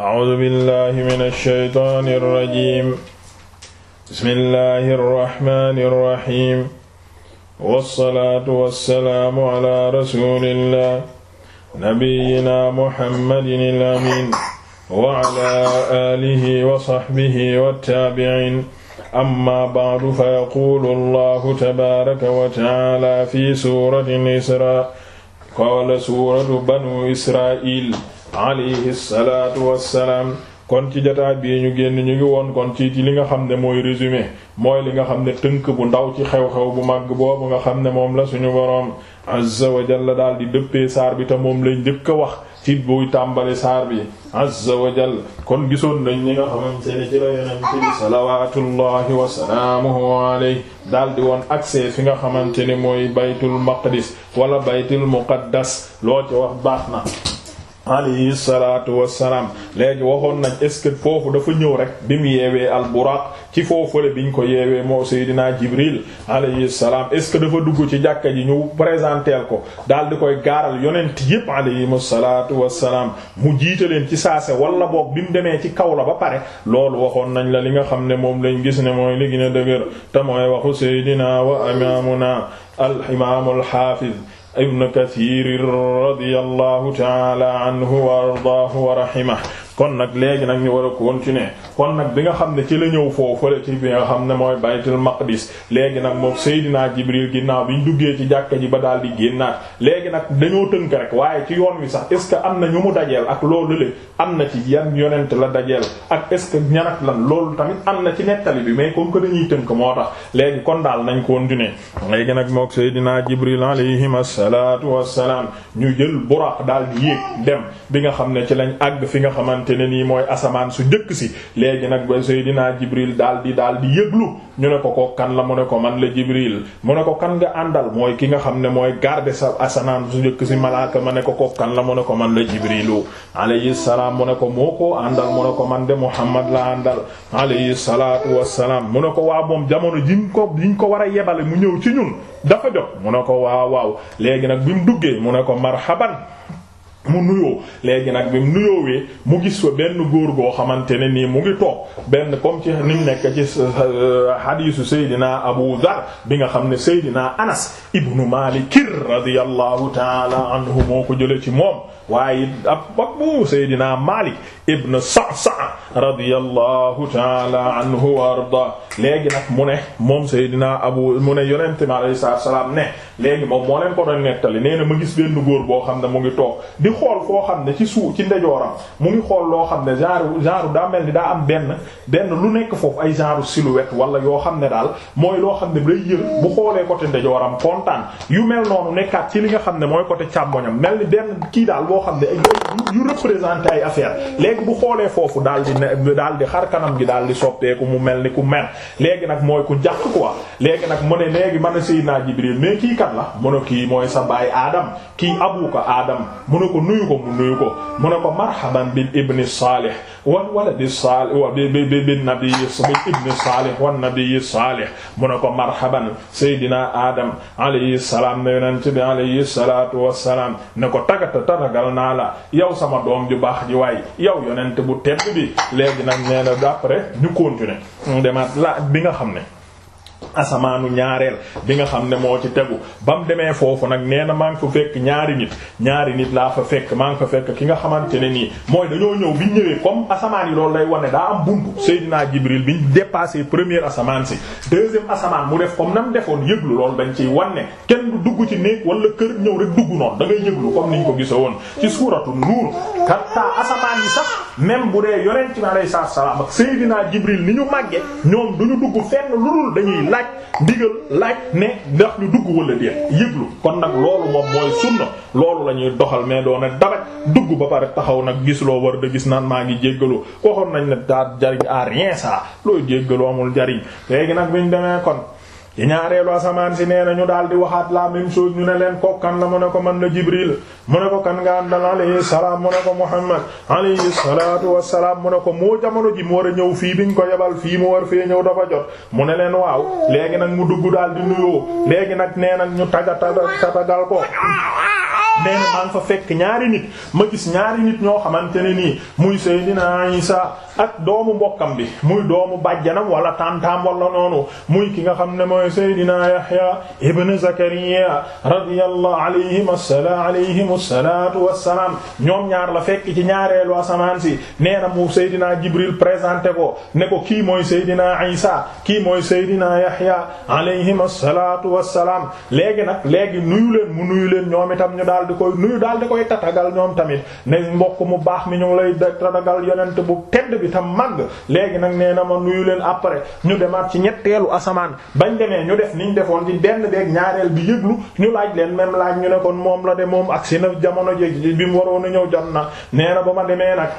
A'uuzu billaahi mina shaytaani rajiim. Bismillaahi rahmaani rahiim. Wassalaatu wassalaamu alaa rasuulillaah nabiyyinaa Muhammadinil amiin wa alaa aalihi wa sahbihi wattaabi'iin. Ammaa ba'du fayaquulu Allaahu tabaaraka wa ta'aalaa fi suuratil Israa' qaala suuratu banuu Israa'iil. alayhi salaatu wassalaam kon ci jotaay bii ñu génn ñu ngi woon kon ci ci li nga xam ne mooy résumé mooy li nga xam ne tënk bu ndaw ci xew-xew bu màgg boobu nga xam ne moom la suñu boroom azza wa jalla daal di dëppee saar bi te moom lay njëkk a wax ci buy tàmbali saar bi azza wa kon gisoon nañ ñi nga xamante ne ci la yonente bi salawaatullahi wa salaamuhu alayhi daal di woon accès fi nga xamante ne mooy baytul maqdis wala baytul muqaddas loo ci wax baax na alayhi salaatu wassalaam léegi waxoon nañ est-ce que foofu dafa ñëw rek bi mu yeewee alburaq ci foofule biñ ko yeewee moo Seydina Jibril alayhi salaam est-ce que dafa dugg ci jàkka ji ñëw présenteel ko daal di koy gaaral yonent yépp alayhimu salaatu wassalaam mu jiite leen ci saase wala boog bi mu demee ci kaw ba pare loolu waxoon nañ la li nga xam ne moom lañ gis ne mooy li gën a dëgër te mooy waxu Seydina wa imaamuna al imaamul xaafiz ibn Kathir radiyallahu ta'ala anhu wa ardaahu wa rahimahu kon nag léegi nag ñu war a continuer kon nag bi nga xam ne ci la ñëw foofale ci bi nga xam ne mooy baytul maqdis léegi nag moom Seydina Jibril ginnaaw ñu duggee ci jàkka ji ba daal di génnaat léegi nag dañoo tënk rek waaye ci yoon wi sax est-ce que am na ñu mu dajeel ak loolu le am na ci yan yonent la dajeel ak est-ce que ñan ak loolu tamit am na ci nettali bi mais comme que dañuy tënk moo tax léegi kon daal nañ continuer nag mook Seydina Jibril alayhim assalaatu wassalaam ñu jël buraq daal di yéeg dem bi nga xam ne ci lañ àgg fi nga xamante xamante ne nii mooy asamaan su njëkk si léegi nag ba Seydina Jibril daal di daal di yëglu ñu ne ko ko kan la mu ne ko man la Jibril mu ne ko kan nga àndal mooy ki nga xam ne mooy garder sa asamaan su njëkk si malaaka ma ne ko ko kan la mu ne ko man la Jibrilu alayhi salaam mu ne ko moo ko àndal mu ne ko man de Muhammad la àndal alayhi salaatu wassalaam mu ne ko waa moom jamono jiñ ko jiñ ko war a yebale mu ñëw ci ñun dafa jot mu ne ko waaw waaw léegi nag bi mu duggee mu ne ko marhaban mu nuyoo léegi nag bi mu nuyoowee mu gis fa benn góor goo xamante ne nii mu ngi toog benn comme ci ni mu nekk ci euh, hadiisu Seydina Abu Dhar bi nga xam ne Seydina Anas ibnu Maalik radiyallahu taala anhu moo ko jële ci moom waaye ab bag bu Seydina Maalik sa Sa'sa radiyallahu taala anhu wa arda léegi nag mu ne moom Seydina Abu mu ne yonente mi alayhi salaam ne léegi moom moo leen ko doon nettali nee na ma gis benn góor boo xam ne mu ngi toog di xool foo xam ne ci suuf ci ndejooram mu ngi xool loo xam ne genre genre daa ni daa am benn benn lu nekk foofu ay genre silhouette wala yoo xam ne daal mooy xam ne day yër bu xoolee côté ndejooram kontaan yu mel noonu nekkaat ci li nga xam ne mooy ko côté càmmoñam mel ni benn kii daal boo xam ne yu représenté ay affaire léegi bu xoolee foofu daal di ne daal di xar kanam gi daal di soppeeku mu mel ni ku mel léegi nag mooy ku jàq quoi léegi nag mu ne léegi man Seydina Jibril kan la mu ne kii mooy sa baay Adam kii abu ko Adam mu ko nuyu ko mu nuyu ko mu ne ko marhaban bil ibni salih wal waladi salih wa bi bi wan nabi salih mu ne ko marhaban Seydina Adam alayhi salaam ne yonent bi ne ko tagata tatagal naa la yow sama doom ju baax ji waay yow yonent bu tedd bi léegi nag nee na d'après ñu continuer demaat la bi nga xam ne asamaanu ñaareel bi nga xam ne moo ci tegu ba mu demee foofu nag nee na maa ngi fa fekk ñaari nit ñaari nit laa fa fekk maa ngi fa fekk ki nga xamante ne nii mooy dañoo ñëw bi ñu ñëwee comme asamaan yi loolu lay wane daa am buntu Seydina Jibril bi ñu dépassé première asamaan si deuxième asamaan mu def comme nam defoon yëglu loolu dañ ciy wane kenn du dugg ci néeg wala kër ñëw rek dugg noonu da ngay yëglu comme niñ ko gisa woon ci suuratu nuur katta asamaan bu dee yonent bi alayhi salaam ak Seydina ni ñu màgge ñoom duñu dugg laaj ndigal laaj ne ndax ñu dugg wala déet yëglu kon nag loolu moom mooy sunna loolu la ñuy doxal mais doone dabaj dugg ba pare taxaw nag gis loo war da gis naan maa ngi jéggalu waxoon nañ ne daa jariñ à rien ça looy jéggalu amul jariñ léegi nag biñ demee kon ci ñaareelu asamaan si nee na ñu daal di waxaat laa même ñu ne leen kokkan la mu ne ko man la Jibril mu ne ko kan nga àndal alayhi salaam mu ne ko Muhammad mu ne ko moo jamono ji mu war a ñëw fii biñ ko yebal fii mu war fee ñëw dafa jot mu ne leen waaw léegi nag mu dugg daal di nuyoo léegi nag nee na ñu taga taga tatagal ko nee na maa ngi fa fekk ñaari nit ma gis ñaari nit ñoo xamante ne nii muy Seydina Isa ak doomu mbokkam bi muy doomu bàjjanam wala tantaam wala noonu muy ki nga xam ne mooy Seydina Yahya ibn Zakariya radiyallahu alayhim assala alayhim assalatu wassalaam ñoom ñaar la fekk ci ñaareelu asamaan si nee na mu Seydina Jibril présenté ko ne ko kii mooy Seydina Isa kii mooy Seydina Yahya alayhim assalatu wassalaam léegi nag léegi nuyu leen mu nuyu leen ñoom itam ñu daal di koy nuyu daal di koy tatagal ñoom tamit ne mbokk mu baax mi ñu ngi lay tatagal yonent bu tedd bi bi tam màgg léegi nag nee na ma nuyu leen après ñu demaat ci ñetteelu asamaan bañ demee ñu def niñ defoon ci benn beeg ñaareel bi yëglu ñu laaj leen même laaj ñu ne kon moom la de moom ak si na jamono jéeg bi mu waroon a ñëw jot na nee na ba ma demee nag.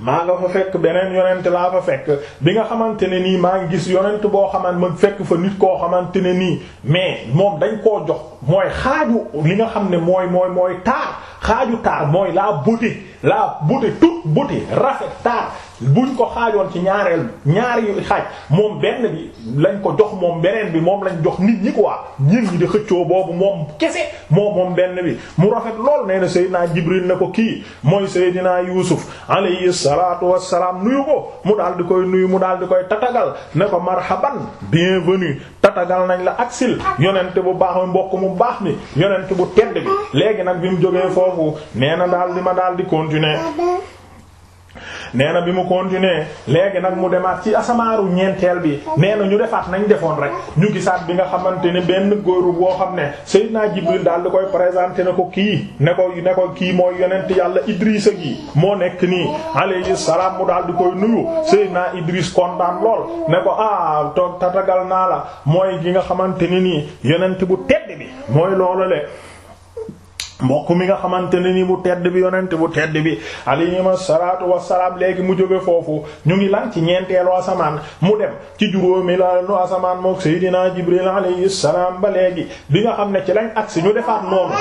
maa nga fa fekk beneen yonent laa fa fekk bi nga xamante ne nii maa ngi gis yonent boo xaman ma fekk fa nit koo xamante ne nii mais moom dañ koo jox mooy xaaju li nga xam ne mooy mooy mooy taar xaaju taar mooy la beauté la beauté toute beauté rafet taar buñ ko xaajoon ci ñaareel ñaari xaaj moom benn bi lañ ko jox moom beneen bi moom lañ jox nit ñi quoi ñin ñi di xëccoo boobu moom kese moom moom benn bi mu rafet lool nee na Seydina Jibril na ko kii mooy Seydina Yuusuf alayhi salaatu wassalaam nuyu ko mu daal di koy nuyu mu daal di koy tatagal ne ko marhaban bienvenue tatagal nañ la aksil yonent bu baax mi mbokk mu baax mi yonent bu tedd bi léegi foofu nee na daal di ma daal di continuer nee na bi mu continuer léegi nag mu demaat ci asamaaru ñeenteel bi nee na ñu defaat nañ defoon rek ñu gisaat bi nga xamante ni benn góoru boo xam ne Seydina Jibril daal di koy présenté na ko kii ne ko ne kii mooy yonent yàlla Idrissa gi moo nekk nii alayhi salaam mu daal di koy nuyu naa Idris kontaan lool ne ko ah toog tatagal naa la mooy gi nga xamante ni nii yonent bu tedd bi mooy loolu le mbokk mi nga xamante ne ni bu tedd bi yonent bu tedd bi alayhima salaatu wassalaam léegi mu jóge foofu ñu ngi lan ci ñeenteelu asamaan mu dem ci juróomi la lu asamaan mook Seydina Jibril alayhi salaam ba léegi bi nga xam ne ci lañ agsi ñu defaat noonu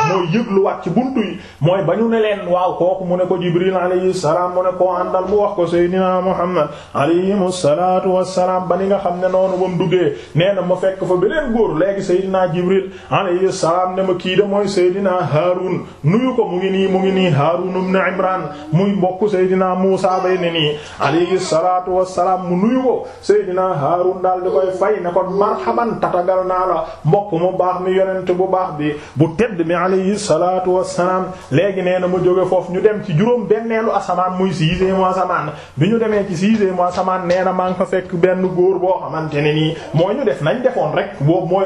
mooy ci buntu mooy ba ñu ne waaw kooku mu ne ko Jibril alayhi salaam mu ne koo àndal mu wax ko Seydina Muhammad alayhimu salaatu wassalaam ba ni nga xam ne noonu ba mu duggee nee na ma fekk fa beneen góor léegi Seydina Jibril alayhi salaam ne ma kii de mooy Seydina Haaru Haarun nuyu ko mu ngi nii mu ngi nii Haarun ibn Imraan muy mbokk Seydina Muusaa bay ne nii alayhi salaatu wassalaam mu nuyu ko Seydina Haarun daal di koy fay ne ko marhaban tatagal naa la mbokk mu baax mi yonent bu baax bi bu tedd mi alayhi salaatu wassalaam léegi nee na mu jóge foofu ñu dem ci juróom benneelu asamaan muy sixième asamaan bi ñu demee ci sixième asamaan nee na maa ngi fa fekk benn góor boo xamante ni nii mooy ñu def nañ defoon rek boobu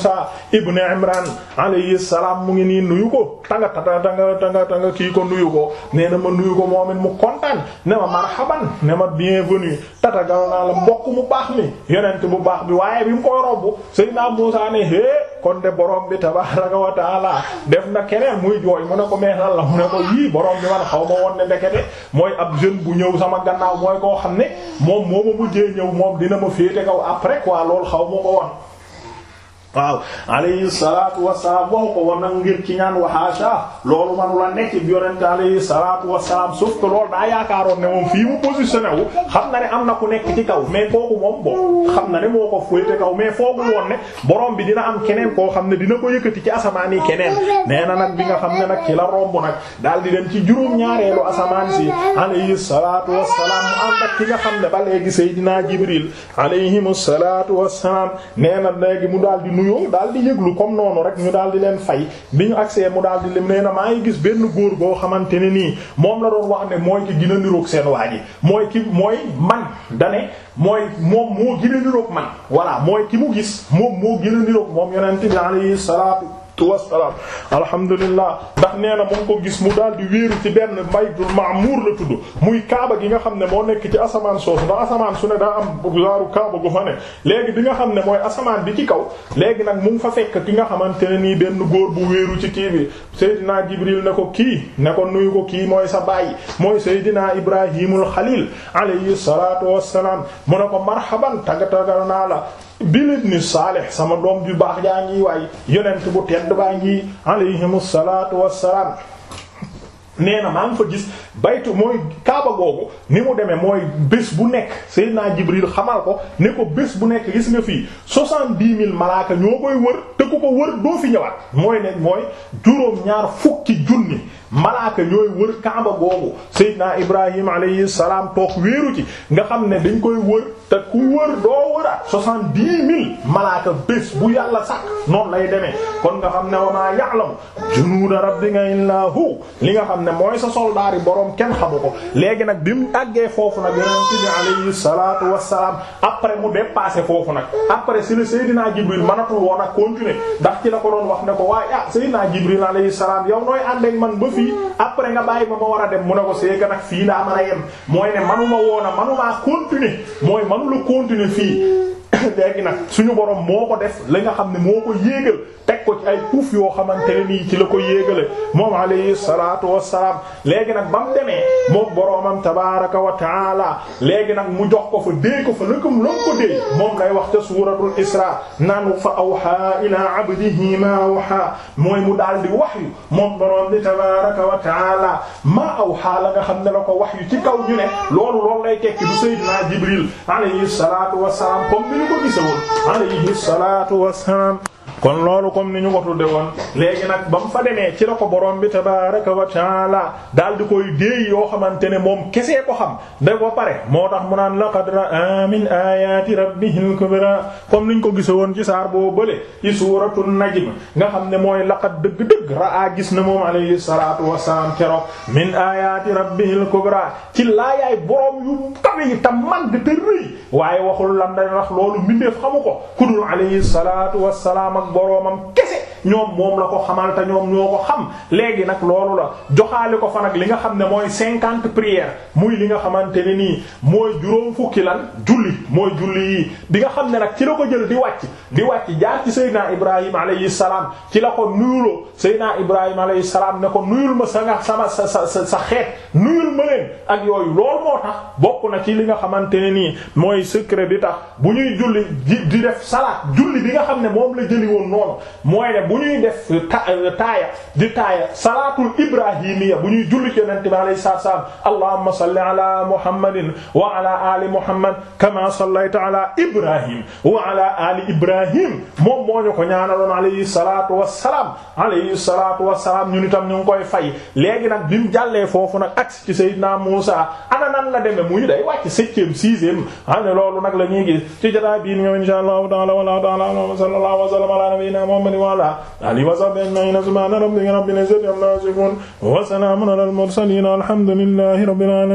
Muusa ibn Imran alayhi salaam mu ngi nii nuyu ko tanga tanga tanga tanga kii ko nuyu ko nee na ma nuyu ko moom it mu kontaan ne ma marhaban ne ma bienvenue tatagal naa la mbokk mu baax mi yonent bu baax bi waaye bi mu koy romb Seydina Muusa ne hé kon de borom bi tabaaraka wa taala def na keneen muy jooy mu ne ko meesal la mu ne ko yii borom bi man xaw ma woon ne ndekete mooy ab jeune bu ñëw sama gannaaw mooy koo xam ne moom moo ma mujjee ñëw moom dina ma féete kaw après quoi loolu xaw ma ko woon waaw alayhi salaatu wasalaam waxu ko woon nag ngir ci ñaan waxaasa loolu manu la nekk yonente alayhi salaatu wasalaam sauf que loolu daa yaakaaroon ne moom fii mu positionné wu xam na ne am na ku nekk ci kaw mais kooku moom bon xam na ne moo ko féete kaw mais foogul woon ne borom bi dina am keneen koo xam ne dina ko yëkkati ci asamaan yi keneen nee na nag bi nga xam ne nak ci la romb nag daal di dem ci juróom-ñaareelu asamaan si alayhi salaatu wasalaam mu ànd ki nga xam ne ba léegi Seydina Jibril alayhi salaatu wasalaam nee na nuyoo daal di yëglu comme noonu rek ñu daal di leen fay bi ñu agsee mu daal di lim nee na maa ngi gis benn góor goo xamante ne nii moom la doon wax ne mooy ki gën niroog seen waa ji mooy ki mooy man dane mooy moom moo gën niroog man voilà mooy ki mu gis moom moo gën a niroog moom yonent bi alayhi salaatu wassalaam alhamdulillah ndax nee na mu ngi ko gis mu daal di wéeru ci benn baytul ma'mur la tudd muy kaaba gi nga xam ne moo nekk ci asamaan soosu ndax asamaan su ne daa am laaru kaaba gu fa ne léegi bi nga xam ne mooy asamaan bi ci kaw léegi nag mu ngi fa fekk ki nga xamante ne nii benn góor bu wéeru ci kii bi Seydina Jibril ne ko kii ne ko nuyu ko kii mooy sa baay mooy Seydina Ibrahimul Xalil alayhi salaatu wassalaam mu ne ko marhaban tagga taggal naa la bilibni sama doom ju baax yaa ngi waay yonent bu tedd baa ngi alayhimu salaatu wassalaam nee na maa ngi fa gis baytu mooy kaaba googu ni mu demee mooy bés bu nekk Seydina Jibril xamal ko ne ko bés bu nekk gis nga fi soixante-dix mille malaaka ñoo koy wër te ku ko wër doo fi ñëwaat mooy ne mooy juróom ñaar fukki junni malaaka ñooy wër kaaba googu Seydina Ibrahim alayhi salaam toog wéeru ci nga xam ne dañ koy wër te ku wër doo wëraat soixante-dix mille malaaka bés bu yàlla sàkk noonu lay demee kon nga xam ne wa maa ya'lamu junuuda rabbika illaa hu li nga xam ne mooy sa soldaar yi boroom kenn xamu ko léegi nag bi mu àggee foofu nag yonent bi alayhi salaatu wassalaam après mu dépassé foofu nag après si le Seydina Jibril mënatul woon a continuer ndax ci la ko doon wax ne ko waaye ah Seydina Jibril fii après nga bàyyi ma ma war a dem mu ne ko seega nag fii daa ma a yem mooy ne manuma woona manumaa continuer mooy manula continuer fii léegi nag suñu borom moo ko def li nga xam ne moo ko yéegal teg ko ci ay puuf yoo xamante ne nii ci la ko yéegale moom alayhi salaatu wassalaam léegi nag ba mu demee moom boroomam tabaaraka wa taala léegi nag mu jox ko fa dee ko fa lëkkam lëg ko dee moom lay wax ca suuratul isra naan fa aw awhaa ilaa abdihi ma awhaa mooy mu daal di wahyu moom boroom bi tabaaraka wa taala ma awhaa la nga xam ne la ko wahyu ci kaw ñu ne loolu loolu lay tekki du sayyidina jibril ko gisawoon alayhi salaatu wassalaam kon loolu comme ni ñu ko tudde woon léegi nag ba mu fa demee ci la ko bi tabaaraka wa taala daal di koy déey yoo xamante ne moom kesee ko xam da ko pare moo tax mu naan laqad ra'a min ayati rabbihil kubra kom ni ñu ko gisa woon ci saar boo bële ci suuratu najm nga xam ne mooy laqad dëgg-dëgg ra'a gis na moom alayhi salaatu wassalaam keroog min ayati rabbihil kubra ci laayaay borom yu kawe yi te màgg te rëy waaye waxul lan da wax loolu mbindeef ko ku dul boroomam kese ñoom moom la ko xamal te ñoom ñoo ko xam léegi nag loolu la joxaale ko fa nag li nga xam ne mooy cinquante prières muy li nga xamante ne nii mooy juróom fukki lan julli mooy julli bi nga xam ne nag ci la ko jël di wàcc di wàcc jaar ci Seydina Ibrahim alayhi salaam ci la ko nuyuloo Seydina Ibrahim alayhi salaam ne ko nuyul ma sa nga sama sa sa sa xeet nuyul ma yooyu loolu tax bokk na ci li nga xamante ne nii mooy secret bi tax bu ñuy julli di def salaat julli bi nga xam ne moom la jëli woon noonu mooy bu ñuy def euh, taaya di taaya salaatul ibrahimiya bu ñuy julli ci yonent bi alayhi salaatu salaam allahumma salli ala muhammadin wa ala ali muhammad kama sallayta ala ibrahim wa ala ali ibrahim moom moo ñu ko ñaanaloon alayhi salaatu wassalaam alayhi salaatu wassalaam ñun itam ñu ngi koy fay léegi nag bi mu jàllee foofu nag agsi ci sayyidina Muusaa ana nan la demee muy day wàcc septième sixième ane ah, loolu nag la ñuy gis ci jotaay bi ñëw inshaa Allah ta'ala wa sallallahu wa sallama ala nabiyyina Muhammad wa ala ali wasa ben nayna subhana rabbika rabbil izzati amma yasifun wa salamun alal mursalin alhamdulillahi rabbil alamin